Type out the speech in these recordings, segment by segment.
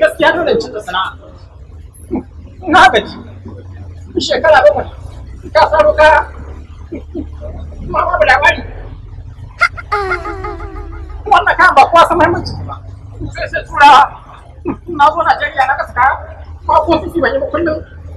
gaskiya dole cin da sana'a na gaji shekara bakwai ka saro kaya ma babu labari wannan kan ba kowa sama mai ba sai sai tura na zo Najeriya na kasa kaya ba ko sisi ban yi ba kullum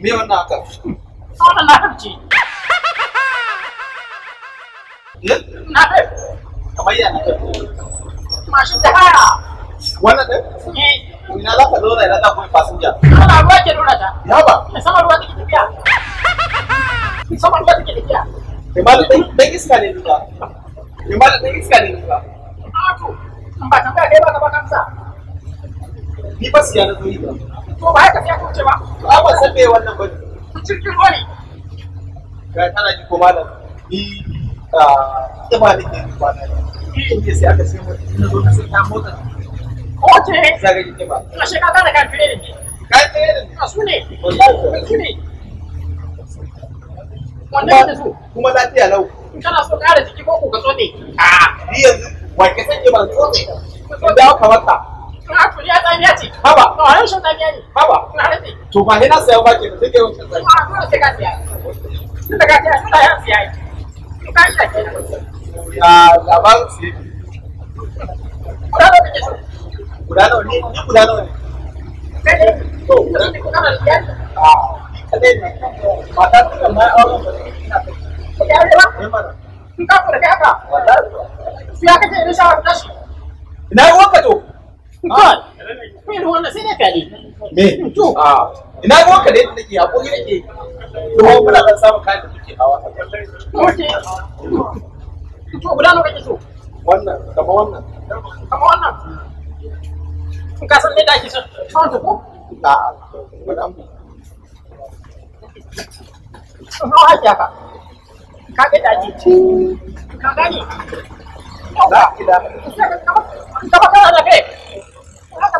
me wannan haka sauran larabci eh? na kamar yana mashin da haya wannan ɗin eh. ina za ka zo na ina za fasinja ana ruwa ke nuna ta ya ba sama ruwa take tafiya sama ruwa take tafiya kai ma dan iska ne ni ba kai ma iska ne ni a ah, to ba tambaya kai ba ka ba kansa ni ba siya na zuri ba to ba haka sai ka wuce ba to ai ban san me wannan ba cikin ruwa ne ga tana ji ko malam ni a ah, kima ne ke ba na ni ne sai aka sai mu na zo ka sai ta motsa ko ce zaga ji ba ina shi ka kana ka fere ne ka fere ne a su ne wallahi su ne wannan ne su kuma lafiya lau kana so ƙara jiki ko ku ka ne. a ni yanzu wai ka sanya ban tsone da ka wata tsamiya tsamiya ce baba to a yaushe tsamiya ne baba na rantsi to ba na saya ba ke da take wancan tsamiya a dole sai ka saya tun da ka saya tun da ya saya ka shi ke ya labar sai guda nawa kake so guda nawa ne ni guda nawa ne kai ne to guda nawa ne ina kai ya to wannan sai kare me to ina ga da yadda nake kayan da hawa to guda nawa kake so wannan kama wannan kama wannan ka san me da ake ta ko wani haka ka ga ka da kai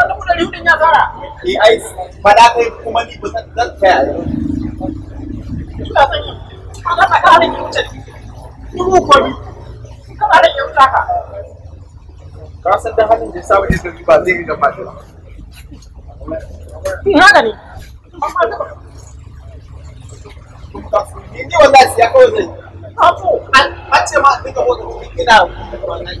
wannan kudari hudun ya fara yi ai fada kai kuma ni ba zan zan taya ina son yi ka ka ka ne ni mu ko ni ka ka ne ki ka san da halin da sabu da ba zai yi da fashi ba ni haka ne amma da ni wallahi kawai zai Abu, an ce ma duka wata kina wannan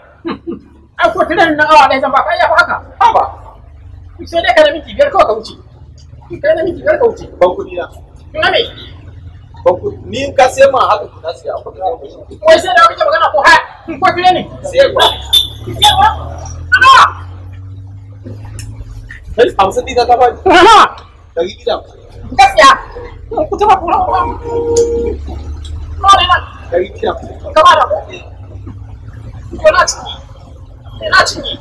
ai ko tiran nan awa ɗaya zan baka ya fi haka ha ba sai dai ka na minti biyar kawai ka wuce kai na minti biyar ka wuce ban kuɗi na na me ban kuɗi ni ka sai ma haka na sai akwai kuɗi wai sai da kake magana ko ha ko tiran ne sai ba sai ba ana kai hamsin ɗin ka ba ana dari gida gaskiya ku ta ba ku ma. ko ne na dari gida ka ba da ku eh. ko na ciki Начни!